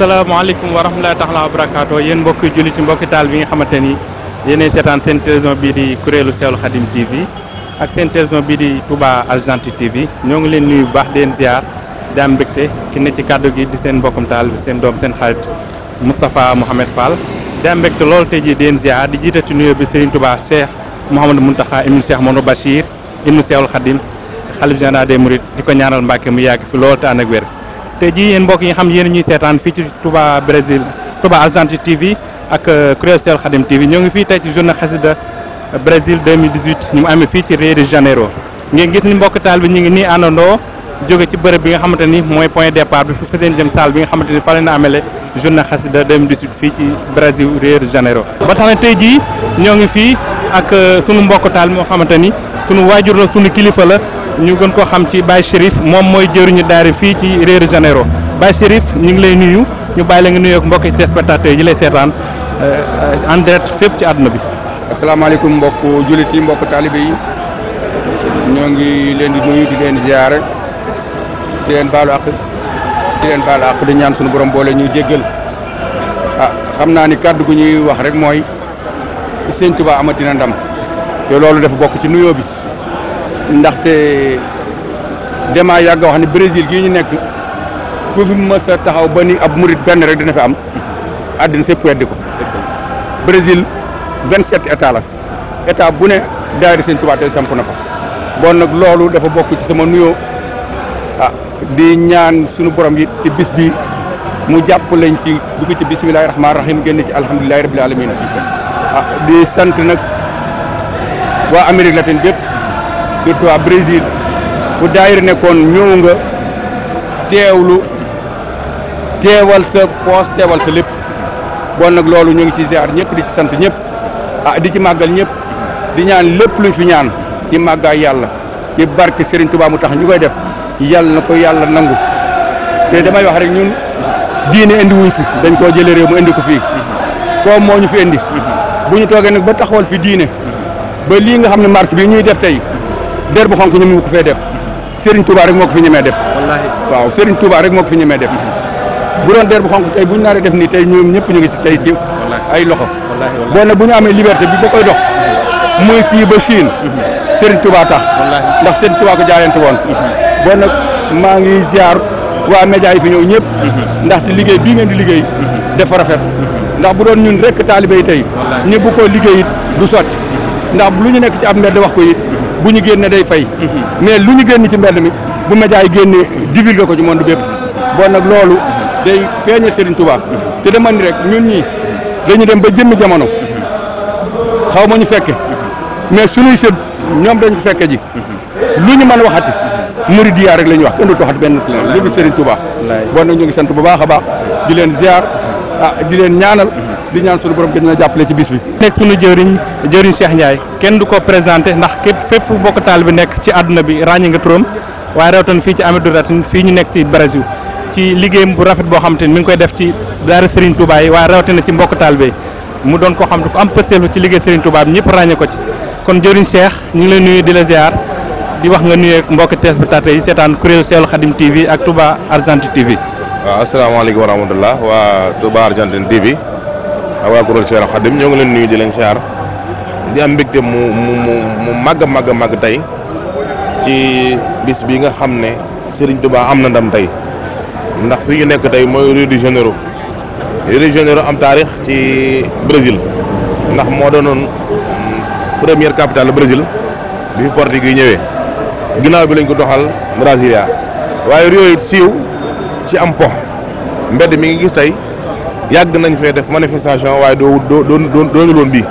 asalaamaaleykum wa rahmatulah taxala wa barakaatu yéen mbokki julli ci mbokki taal bi ngi xamante ni yéenay seetaan seen télévision bii di kuréelu Seexul Xadim TV ak seen télévision bii di tubaa Argentine TV ñoo ngi leen nuy bu baax di leen ziar di am mbégte ki ne ci kàddu gi di seen mbokkum taal bi seen doom seen xarit Moustapha Mouhamed Fall di am mbégte loolu tey jii di leen ziar di jiitati nuyoo bi Serigne Touba Cheikh Mouhamadou Mountakha ibnu Cheikh Mouhamadou Bachir ibnu Seexul Xadim xalif général des Mourides di ko ñaanal Mbàkke mu yàgg fi loolu te ànd ak te ji yéen mbokk yi nga xam yéen ñuy seetaan fii ci Touba Brésil Touba Argentine TV ak euh, kuréel Cheikhoul TV ñoo ngi fii tey ci journée xasida Brésil 2018 ñu mu amee fii ci Rio de Janeiro ngeen gis ni mbokk taal bi ñu ngi nii àndandoo jóge ci bërëb bi nga xamante ni mooy point départ bi fu seen jëm salle bi nga xamante ni fa la ñu amele journée xasida 2018 fii ci Brésil Rio de Janeiro ba tax na tey jii ñoo ngi fii ak euh, sunu mbokk taal moo xamante ni sunu waajur la sunu kilifa la ñu gën ko xam ci Baye Chérif moom mooy jëriñu daari fii ci Rio de Janeiro Baye ñu ngi lay nuyu ñu bàyyi la nga nuyoog mbokki téléspectateurs yi ñu lay seetaan euh, en fépp ci àdduna bi. asalaamaaleykum mbokk jullit yi mbokk taalibe yi ñoo ngi leen di nuyu di leen ziare di leen baalu àq di leen baalu àq di ñaan suñu borom boole ñu jéggal ah xam naa ni kàddu gu ñuy wax rek mooy Sëñ Tuubaa amati ndam te loolu def bokk ci nuyoo bi. ndaxte damaa yàgg wax ne Brésil gii ñu nekk ku fi mës taxaw ba ni ab murit benn rek dina fi am àddina sépp weddi ko Brésil vingt-sept état la état bu ne daayira Sëñ Tuubaa tey samp na fa bon nag loolu dafa bokk ci sama nuyoo ah di ñaan sunu borom yi ci bis bi mu jàpp lañ ci dugg ci bisimilahi rahmaani rahim génn ci alhamdulilahi rabil alamina ah di sant nag waa Amérique latine bépp surtout à Brésil fu daayir nekkoon ñëw nga teewlu teewal sa poos teewal sa lépp bon nag loolu ñu ngi ci ziar ñëpp di ci sant ñëpp ah di ci màggal ñëpp di ñaan lépp lu fi ñaan ci màggaay yàlla ci barke Serigne Touba mu tax ñu koy def yàlla na ko yàlla nangu te damay wax rek ñun diine indi wuñ fi dañ koo jëlee réew mu indi ko fii koom moo ñu fi indi mhm. bu ñu toogee nag ba taxawal fi diine ba lii nga xam ne marche bi ñuy def tey der bu xonk ñemewu ko fee def Serigne Touba rek moo ko fi ñemee def waaw Serigne Touba rek moo ko fi ñemee def bu doon der bu xonk tey bu ñu naaree def nii tey ñoom ñëpp ñu ngi ci tey ci ay loxo boo ne bu ñu amee liberté bi ba koy dox muy fii ba Chine mhm. Serigne Touba tax ndax Serigne Touba ko jaayante woon mhm. boo nag maa ngi ziar waa média yi fi ñëw ñëpp mhm. ndaxte liggéey bii ngeen di liggéey dafa rafet ndax bu doon ñun rek taalibe yi tey ñu bu ko liggéey du sotti ndax lu ñu nekk ci ab mbedd wax ko it bu ñu génn day fay mhm. mais lu ñu génn ci mbedd mi bu média yi génne divulgué ko ci du bépp bon nag loolu day feeñal Serigne Touba mhm. te dama rek ñun ñii dañu dem ba jëmmi jamono mhm. xaw ma ñu fekke mais suñuy sët ñoom dañ ko fekke ji lu ñu mën waxati Muridiya rek la ñuy wax kenn dootu waxati benn lu dul Serigne Touba bon nag ñu ngi sant bu baax a baax di leen ziar ah di leen ñaanal di ñaan suñu borom gën na jàppale ci bis bi. nekk suñu jëriñ jëriñ Cheikh Ndiaye kenn du ko présenté ndax képp fépp fu bokk taal bi nekk ci àdduna bi ràññee nga turam waaye rawatina fii ci Hamidou Ratin fii ñu nekk ci Brésil ci liggéeyam bu rafet boo xam te ni mi ngi koy def ci daara Serigne Touba yi waaye rawatina ci mbokk taal bi mu doon ko xam te ko am pësteelu ci liggéey Serigne Touba bi ñëpp ràññee ko ci kon jëriñ Cheikh ñu leen lay nuyu di la ziar di wax nga nuyu mbokk téléspectateurs yi seetaan kuréelu Seexul Xadim TV ak Touba Argentine TV. waaw asalaamaaleykum wa rahmatulah waa Touba Argentine TV ak waa kuréel Cheikh Khadim ñoo ngi leen nuyu di leen siyaar di am mbégte mu mu mu mu màgg màgg a màgg tey ci bis bi nga xam ne Serigne Touba am na ndam tey ndax fi ñu nekk tey mooy Rio de Janeiro Rio am taarix ci Brésil ndax moo doonoon première capitale Brésil bi fi portugais yi ñëwee ginnaaw bi lañ ko doxal Brasilia waaye Rio it siiw ci am po mbedd mi ngi gis tey. yàgg nañ fee def manifestation waaye doo doo doo doonul woon bii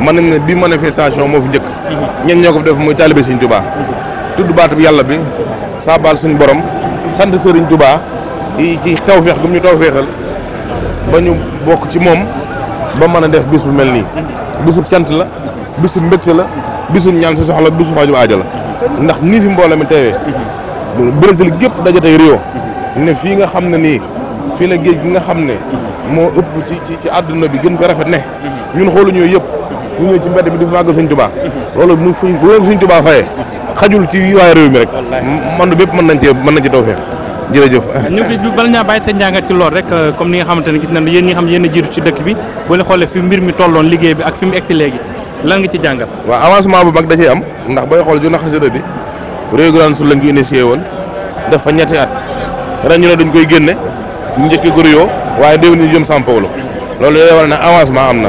mën nañ ne bii manifestation moo fi njëkk mhm. ñen ñoo ko fi def muy taalibe Sëriñ Tuubaa mhm. tudd baatub yàlla bi saabal suñ borom sant Sëriñ Tuubaa ci ci tawfeex gum ñu tawfeexal ba ñu bokk ci moom ba mën a def bis bu mel nii mhm. bisub cant la bisub mbégte la bisub ñaan si soxla bisub faju aajo la ndax nii fi mbooloo mi teewee Brésil gépp daje tey Rio ne fii nga xam ne nii fii la géej gi nga xam ne moo ëpp ci ci ci àdduna bi gën fi rafet ne ñun xoolu ñooyu yëpp ñu ñëw ci mbedd bi di màggal sëñ Tuubaa loolu bu ko sëñ Tuubaa fayee xajul ci waaye réew mi rek man bépp mën nañ ci mën nañ ci taw feex jërëjëf ñu ngi bala ñaa bàyyi sa njàngat ci lool rek euh, comme ni nga xamante ne gis nañ yéen ñi xam yéen a jiitu ci dëkk bi boo leen xoolee fi mbir mi tolloon liggéey bi ak fi mu egsi léegi lan nga ci jàngat waaw avancement bu mag da cee am ndax booy xool journée xasida bi réew Grand Sud lañ ko initié woon def fa ñetti at ren ñu ne dañ koy génne ñu njëkkee ko Rio waaye déwén ñu jëm São Paulo loolu day war ne avancement am na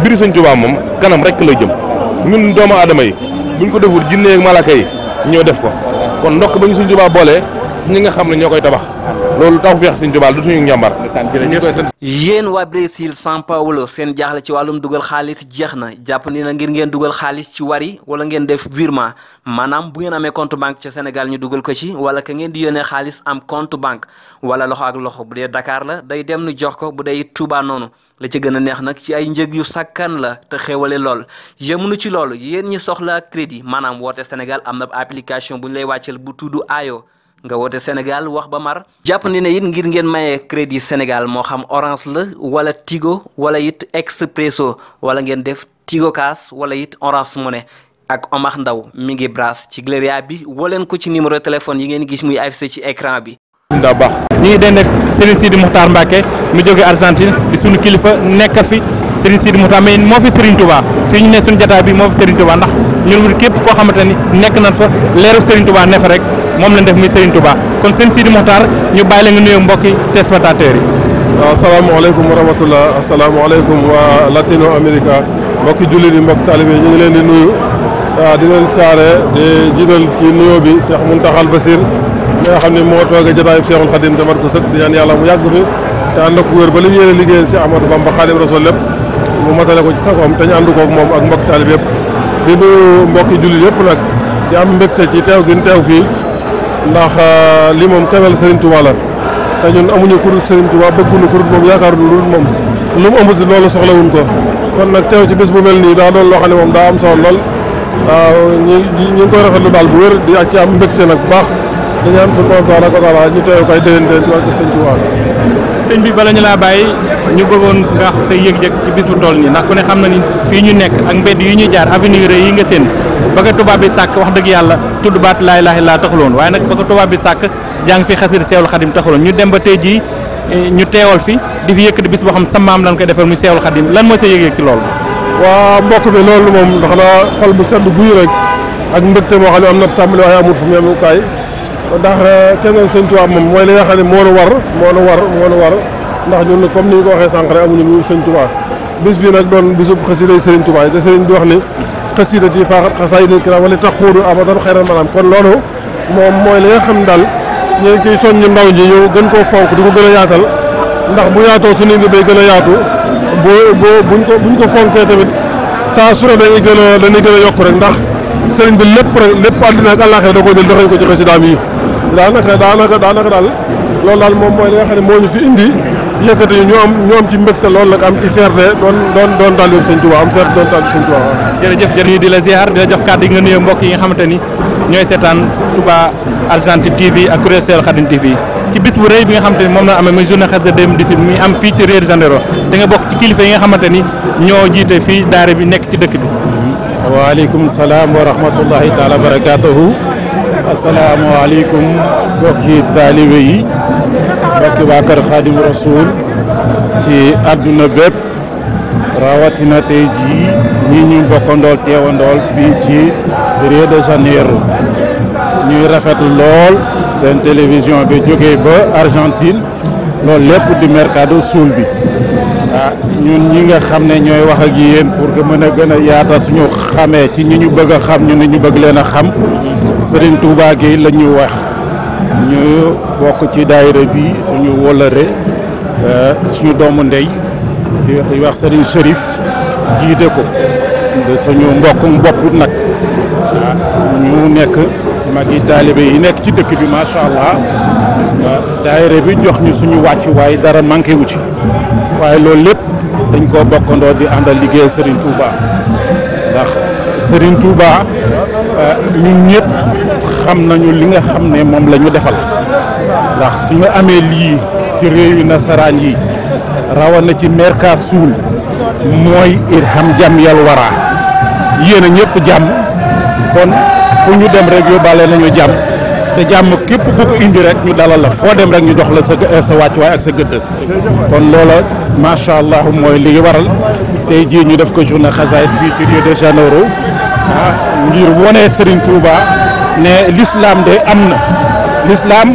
mbiri Sëñ Tuubaa moom kanam rek la jëm ñun doomu aadama yi buñ ko deful jinne ak malaaka yi ñëw def ko kon ndokk ba ñu Sëñ Tuubaa boolee ñi nga xam ne ñoo koy tabax loolu taw feex Sëñ Tuubaa du suñu njàmbar yéen waa Brésil São Paulo seen jaaxle ci wàllum dugal xaalis jeex na jàpp ni na ngir ngeen dugal xaalis ci war yi wala ngeen def virement maanaam bu ngeen amee compte banque ca Sénégal ñu dugal ko ci wala ka ngeen di yónnee xaalis am compte banque wala loxo ak loxo bu dee dakaar la day dem nu jox ko bu day Touba noonu la ci gën a neex nag ci ay njëg yu sakkan la te xéwale lool yëmunu ci loolu yéen ñi soxla crédit maanaam woote Sénégal am na application bu ñu lay wàcceel bu tudd Ayo nga woote Sénégal wax ba mar jàpp ni ne it ngir ngeen maye crédit Sénégal moo xam orange la wala Tigo wala it Expresso wala ngeen def Tigo Cash wala it orange money ak Omar Ndaw mi ngi brasse ci Gloria bi waleen ko ci numéro téléphone yi ngeen gis muy affiché ci écran bi. ndaw baax ñu ngi dend ak Serigne Sidi Moukhtar Mbacke mu jóge Argentine di sunu kilifa nekk fi Serigne Sidi fi ñu ne sunu jotaay bi moo fi Serigne Touba ndax ñun képp koo xamante nekk nañ fa leeru Serigne Touba ne rek. moom lañ def muy Serigne Touba kon seen Sidi Mokhtar ñu bàyyi la nga nuyoo mbokki téléspectateurs yi. waaw salaamaaleykum wa rahmatullah asalaamaaleykum wa Latino America mbokki jullit yi mbokki taalibe yi ñu ngi leen di nuyu ah, di leen saare di jiital ci nuyoo bi Cheikh Mountakha Bassir mi nga xam ne moo toog a jotaayu Cheikhul Khadim damar ko sëkk di ñaan yàlla mu yàgg fi te ànd ak wér ba li mu yéene liggéeyal si Amadou Bamba Xaadimu Rasuul lépp mu matale ko ci sagoom te ñu ànd koog moom ak mbokki taalibe yëpp di nuyu mbokki jullit yëpp nag ci teew gi teew fii ndax euh, li moom teewal Serigne Touba la te ñun amuñu ku dul Serigne Touba bëgguñu ku dul moom yaakaaru lu dul moom lu mu ëmbati loolu soxlawuñ ko kon nag teew ci bés bu mel nii daa doon loo xam ne moom daa am solo lool waaw ñu ñu ngi koy rafetlu daal bu wér di ak ci am mbégte nag baax dañu am suñu borom tabaraka wa ci wàllu Serigne Touba sëñ bi bala ñu laa bàyyi ñu bëggoon nga wax sa yëg-yëg ci bis bu toll nii ndax ku ne xam na ni fii ñu nekk ak mbedd yu ñu jaar avenue rëy yi nga seen ba ko tubaab bi sàkk wax dëgg yàlla tudd baat laa ilaaha illallaa taxuloon waaye nag ba ko tubaab bi sàkk jàng fi xasir seewul xadim taxuloon ñu dem ba tey jii eh, ñu teewal fi di fi yëkkati bis boo xam sa lan koy defal mu seewul xadim lan mooy sa yëg-yëg ci loolu waa mbokk bi loolu moom ndax na xol bu sedd guy rek ak mbégte moo xam ne am na tàmbali waaye amul fu ndax eh, keneen sëñ Tuubaa moom mooy li nga xam ne moo nu war moo nu war comme ni ñu ko waxee sànq rek amuñu lu sëñ Tuubaa bis bi nag doon bisub xasiday sëriñ Tuubaa te sëriñ bi wax ni xasidat yi faaxat xasaay nit ki wala di ko gën a yaatal ndax bu yaatoo su nit ñi day gën a yaatu bu bu ko buñ ko fonkee tamit saa su ne dañuy gën yokk rek ndax sëriñ bi lépp ko jël doxee ko ci yi daanaka daanaka daanaka daal lool daal moom mooy li nga xam ne moo ñu fi indi yëkkati ñu am ñu am ci mbégte loolu nag am ci fierté doon doon doon taal yëpp sëñ Tuubaa am fierté doon taal di la ziar di la jox kàddu yi nga nuyoo mbokk yi nga xamante ni ñooy seetaan Touba Argentine TV ak kuréel Seexul Xadim TV ci bis bu rëy bi nga xamante ni moom na amee muy journée xasida 2018 muy am fii ci Rio de Janeiro nga bokk ci kilifa yi nga xamante ni ñoo jiite fii daara bi nekk ci dëkk bi waaleykum salaam wa rahmatullahi taala barakatuhu asalaamaaleykum mbokki taalibe yi mbokki waa Xaadim Rasuul ci àdduna bépp rawatina ji jii ñi ñu bokkandool teewandool fii ci Rio de Janeiro ñuy rafetlu lool seen télévision bi jógee ba Argentine loolu lépp di mercado suul bi ah ñun ñi nga xam ne ñooy wax ak yéen pour que mën a gën a yaata suñu xamee ci ñu ñu bëgg a xam ñu ni ñu bëgg leen a xam sëriñ Touba gi wax ñu bokk ci daayira bi suñu wolëre euh, suñu doomu ndey di wax Serigne Chérif jiite ko de suñu mbokk bopp nag ah, ñu nekk magi taalibe yi nekk ci dëkk bi macha allah. daayira bi jox ñu suñu wàcc waaye dara manqué wu ci waaye loolu lépp dañ koo bokkandoo di àndal liggéey Serigne Touba ndax Serigne Touba euh, ñun ñëpp xam nañu li nga xam ne moom lañu ñu defal ndax suñu amee lii ci réew yu nasaraan yi rawana ci Mercosur mooy irham jàmm yàlla waraa yéen ñëpp jàmm kon fu ñu dem rek yóbbaale nañu jàmm te jàmm képp ku indi rek ñu dalal la foo dem rek ñu jox la sa sa wàccuwaay ak sa gëdd kon loola macha allah mooy li waral tey jii ñu def ko journée xasaayid fii ci Rio de Janeiro ah ngir wone Serigne Touba am na l'islam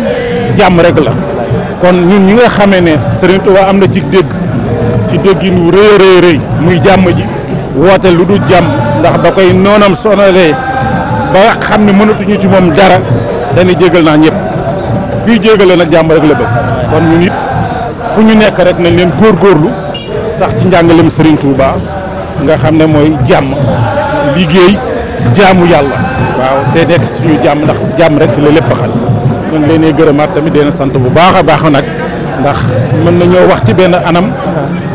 jàmm rek la ñi nga xamee ne Serigne Touba am na ci dégg ci déggin wu muy jàmm ji woote lu du jàmm ndax ba koy noonam sonalee ba xam ne mënatuñu ci moom dara dañuy jégal naa ñëpp kuy jégale nag jàmm rek la bëgg kon ñun it fu ñu nekk rek nañ leen góor góorlu sax ci njàngalem Serigne Touba nga xam ne mooy jàmm liggéey jaamu yàlla. waaw te nekk suñu jàmm ndax jàmm rek ci la lépp xal ñun leen gërëmaat tamit dina sant bu baax a baax nag ndax mën nañoo wax ci benn anam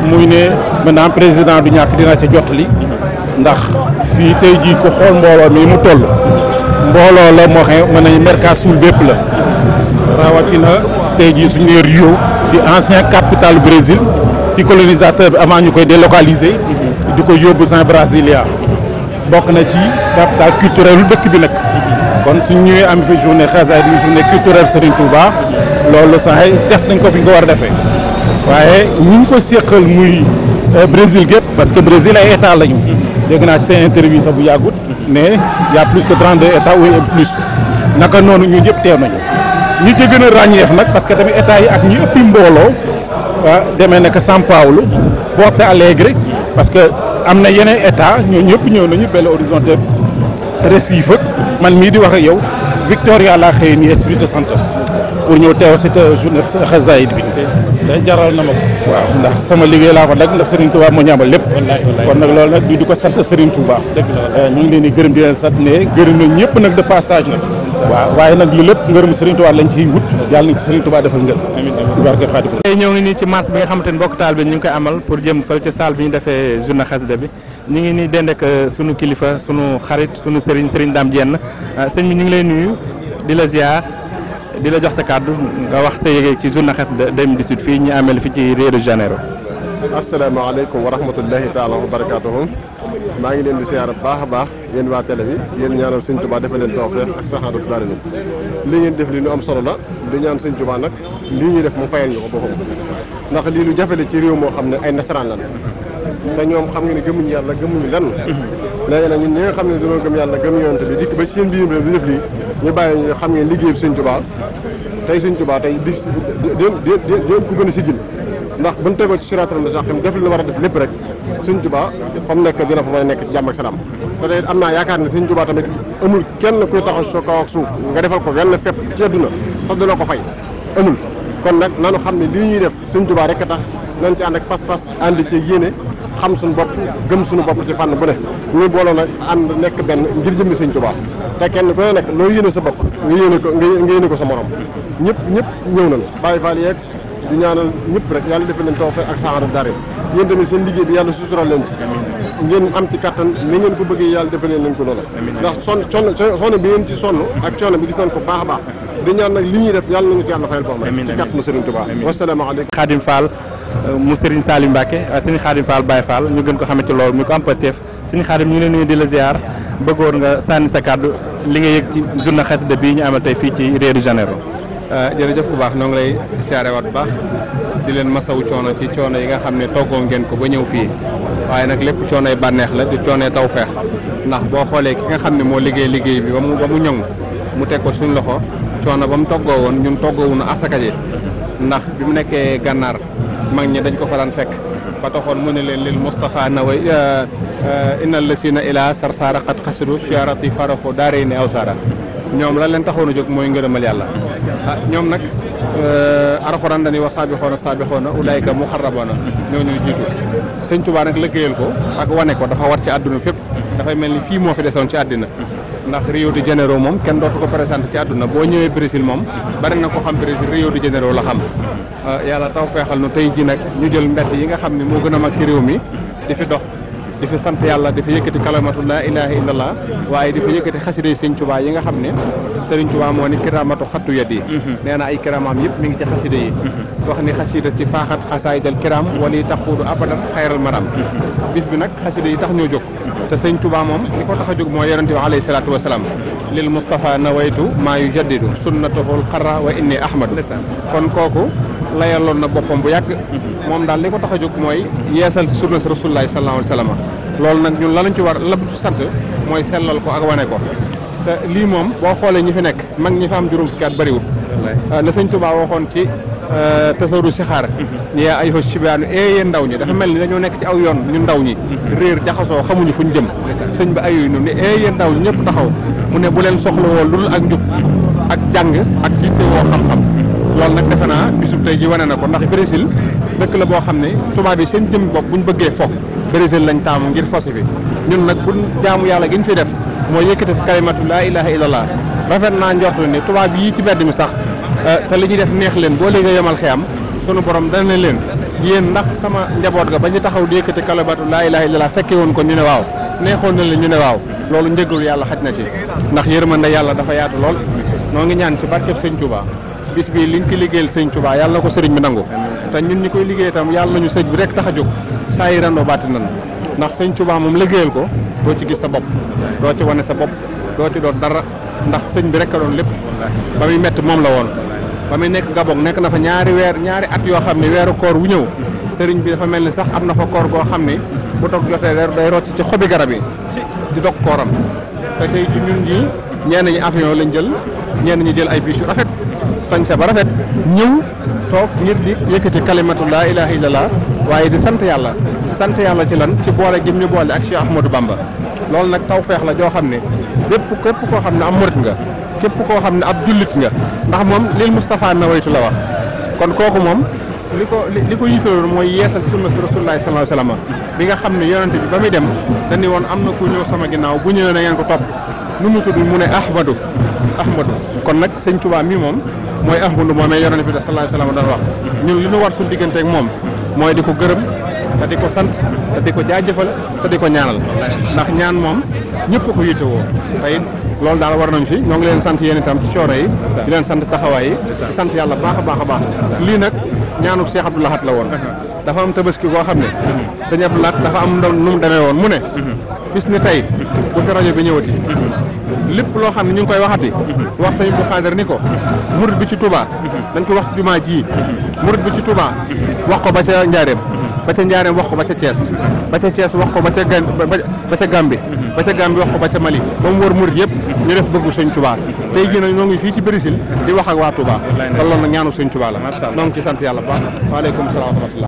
muy ne mën maintenant président du ñàkk dina ci jot li ndax fii tey jii ko xool mbooloo mi mu toll. mbooloo la moo xam ne Mercosur bépp la rawatina tey jii suñu nee Rio di ancien capital Brésil ci colonisateur bi avant ñu koy délocaliser di ko yóbbu Saint Brasilia bokk na ci capital culturel lu dëkk bi nag kon suñ ñëwee am fi journée xasaayid muy journée culturelle Serigne Touba loolu sax def nañ ko fi ñu ko war a defee waaye ñu ngi ko séqal muy euh, Brésil gépp parce que Brésil ay état lañu dégg naa ci seen interview sax bu yàggut mais y' a plus que 32 états ou plus naka noonu ñu ñëpp teew nañu ñi ci gën a ràññeef nag parce que tamit état yi ak ñi ëppi mbooloo ah, demee na ko São Paulo Porto Alegre parce que am na yeneen état ñoo ñëpp ñëw nañu Belo Horizonte Recife ak man mii di wax ak yow Victoria laa xëy ni Espírito Santo pour ñëw teew si journée xasaayid bi. day jaral na ma ko waaw ndax sama liggéey laa ko ndax Serigne Touba moo ñaamal lépp kon nag loolu nag du di ko sant Serigne Touba eh, ñu ngi leen di gërëm ñëpp nag de passage nag waaw waaye nag lu lépp ngërëm Serigne Touba lañ ciy wut yàlla nañ ci Serigne Touba defal ngeen ci barke nii ci marche bi nga xamante bokk taal bi ñu ngi koy amal pour jëm fël ci salle bi ñu defee journée xasida bi ñu ngi nii dend ak euh, sunu kilifa sunu xarit sunu Serigne Serigne Dame Diène euh, sëñ bi ñu ngi lay nuyu di la ziar di la jox sa kàddu nga wax sa yéeg ci journée xasida 2018 fii ñu amel fi ci Rio de Janeiro. asalaamaaleykum wa rahmatullahi taala wa barakaatuhu maa ngi leen di siyaar bu baax a baax yéen waa télé bi yéen ñaanal Sëñ Tuubaa defal leen tawfeex ak saxaadu bari ni li ngeen def li ñu am solo la di ñaan Sëñ Tuubaa nag lii ñu def mu fayal ñu ko boppam ndax lii lu jafe ci réew moo xam ne ay nasaraan la te ñoom xam nga ne gëmuñu yàlla gëmuñu lenn léegi xam ne dañoo gëm yàlla gëm yonent bi dikk ñu bàyyi ñu xam ngeen liggéey bi Sëñ Tuubaa tey Sëñ Tuubaa tey di déen ko gën a sigil ndax buñ tegoo ci siraatal mustaqiim def li ñu war a def lépp rek Sëñ Tuubaa fa mu nekk dina fa mën a nekk jàmm ak salaam te tey am naa yaakaar ne Sëñ Tuubaa tamit amul kenn kuy taxaw sa kaw ak suuf nga defal ko wenn fépp ci àdduna te dina ko fay amul kon nag nanu xam ne lii ñuy def Sëñ Tuubaa rek a tax nañ ci ànd ak pas-pas ànd ci yéene xam suñu bopp gëm suñu bopp ci fànn bu ne ñu booloon a ànd nekk benn ngir jëmmi sëñ Tuubaa te kenn ku ne nekk loo yéene sa bopp nga yéene ko ko sa morom ñëpp ñëpp ñëw nañu Baay Faal yeeg du ñaanal ñëpp rek yàlla defal leen tawfeex ak saxaaru dara yéen tamit seen liggéey bi yàlla susural leen ci ngeen am ci kattan ni ngeen ko bëggee yàlla defal leen nañ ko noonu ndax sonn sonn sonn bi sonn bi gis a baax di ñaan nag ci kattan mu Serigne Salim Mbacke Serigne Khadim Fall Baye Fall ñu gën ko ci loolu ñu ko am Pastef Serigne Khadim ñu ngi leen nuyu di la ziar bëggoon nga sànni sa kàddu li nga yëg ci journée xasida bii ñu amal tey fii ci Rio de Janeiro. Euh, jërëjëf bu baax noo lay siyaarewaat bu baax di leen masawu coono ci coono yi nga xam ne toggoo ngeen ko ba ñëw fii waaye nag lépp coonoy bànneex la di coonoy tawfeex ndax boo xoolee ki nga xam ne moo liggéey liggéey bi ba mu ñoŋ mu teg ko suñ loxo coono ba mu toggoo woon ñun toggoo wuñu asaka ji ndax bi mu nekkee gànnaar mag ñi dañ ko fa daan fekk ba taxoon mu ne leen lil Moustapha naway euh, euh, innal lasina ila sarsaara qad xasiru siyaarati faraxu yi ne aw saara ñoom la leen taxoon a jóg mooy ngërëmal yàlla ah ñoom nag euh, arxuraan dañuy wax saabixoona saabixoona ulaayka muxarraboona ñoo ñuy jiitu sëñ Tuubaa nag liggéeyal ko ak wane ko dafa war ci àdduna fépp dafay mel ni fii moo fi desoon ci àddina ndax Rio de Janeiro moom kenn dootu ko présenté ci àdduna boo ñëwee Brésil moom bari na ko xam Brésil Rio de la xam Euh, yàlla taw feexal nu tey ji nag ñu jël mbett yi nga xam ne moo gën a mag ci réew mi di fi dox di fi sant yàlla di fi yëkkati kalamatu la ilaha illallah waaye di fi yëkkati xasida yi sëñ Tuubaa yi nga xam ne sëriñ Tuubaa moo ni kiramatu xattu yat yi mhm. nee na ay kiramaam yëpp mi ngi ci xasida yi mhm. wax ni xasida ci faaxat xasaay dal kiram mhm. wala yi taquudu abadan xayral maram bis bi nag xasida yi tax ñoo jóg te sëñ Tuubaa moom li ko tax a jóg moo yonente bi alayhi salaatu wasalaam lil Mustafa nawaytu maa yu jaddidu sunnatahul xarra wa inni ahmadu kon kooku la layaloon na boppam bu yàgg moom daal li ko tax a jóg mooy yeesal si sunna si rasulullahi sallallahu alayhi wa sallam loolu nag ñun lanañ ci war la sant mooy sellal ko ak wane ko te lii moom boo xoolee ñi fi nekk mag ñi fa am juróom fukki at bëriwul euh, la sëñ Tuubaa waxoon ci euh, tasaru si xaar ñi mhm. ay xos sibaanu ee yéen ndaw ñi dafa mel ni dañoo nekk ci aw yoon ñu ndaw ñi mhm. réer jaxasoo xamuñu fuñ jëm sëñ bi ayooyu noonu ne ndaw ñi ñëpp taxaw mu ne bu leen soxla woo lu dul ak njub ak jàng ak loolu nag defe naa bisub tey ji wane na ko ndax Brésil dëkk la boo xam ne tubaab yi seen jëm bopp bu ñu bëggee fo Brésil lañ taamu ngir fosi fi ñun nag buñ jaamu yàlla gi ñu fi def mooy yëkkati kalimatu laa ilaha illallah rafet naa njort ne tubaab yii ci mbedd mi sax eh, te li ñuy def neex leen boo léegi yemal xiyam sunu borom dana leen yéen ndax sama njaboot ga ba ñu taxaw di yëkkati kalimatu laa ilaha illallah fekke woon ko ñu ne waaw neexoon na leen ñu ne waaw loolu njëgalu yàlla xaj na ci ndax yërmande yàlla dafa yaatu lool noo ngi ñaan ci barkeb sëñ Tuubaa bis bii li nga ko liggéeyal sëñ Touba yàlla na ko sëriñ bi nangu te ñun ñi koy liggéey tam yàlla nañu sëñ bi rek tax a jóg saa yi ren baati nan ndax sëñ Touba moom liggéeyal ko doo ci gis sa bopp doo ci wane sa bopp doo ci doon dara ndax sëñ bi rek a doon lépp ba muy mett moom la woon ba muy nekk Gabon nekk na fa ñaari weer ñaari at yoo xam ne weeru koor wu ñëw sëriñ bi dafa mel ni sax am na fa koor goo xam ne bu toog jotee day rocc ci xobi garab yi di dog kooram te tey ci ñun ñi ñenn ñi lañ jël ñenn ñi jël ay bus yu sañse ba rafet ñëw toog ngir di yëkkati kalimatu laa ilaha illallah waaye di sant yàlla sant yàlla ci lan ci boole gim ñu boole ak Cheikh Ahmadou Bamba loolu nag taw feex la joo xam ne bépp képp koo xam ne am murit nga képp koo xam ne ab jullit nga ndax moom lil Moustapha nawaytu la wax kon kooku moom li ko li ko yitaloon mooy yeesal sunna si rasulullahi sallallahu alayhi bi nga xam ne yonente bi ba muy dem dañu woon am na ku ñëw sama ginnaaw bu ñëwee na ko topp nu mu tudd ne Ahmadou Ahmadou kon nag sëñ Tuubaa mi moom mooy ahmadu moomee yonent bi da sallallahu alayhi wasallam doon wax ñun li ñu war suñu digganteek moom mooy di ko gërëm te di ko sant te di ko jaajëfal te di ko ñaanal ndax ñaan moom ñëpp ko yittewoo tey loolu daal war nañu si ñoo ngi leen sant yéen itam ci coono yi di leen sant taxawaay yi di sant yàlla baax baax a baax lii nag ñaanu Cheikh Abdou laxat la woon dafa am ki koo xam ne sëñ Abdou Lahat dafa am nu mu demee woon mu ne bis ni tey bu fi rajo bi ñëwati lépp loo xam ne ñu ngi koy waxati wax sëñ bu xaadar ni ko murid bi ci tubaa dañ ko wax ci jumaa ji murid bi ci tubaa wax ko ba ca njaareem ba ca njaareem wax ko ba ca Thiès ba ca Thiès wax ko ba ca gan ba ca Gambie ba ca Gambie wax ko ba ca Mali ba mu wër murid yëpp ñu def bëggu sëñ Touba tey jii nag ñoo fii ci Brésil di wax ak waa Touba loolu nag ñaanu sëñ Touba la ñoo ci sant yàlla bu baax waaleykum salaam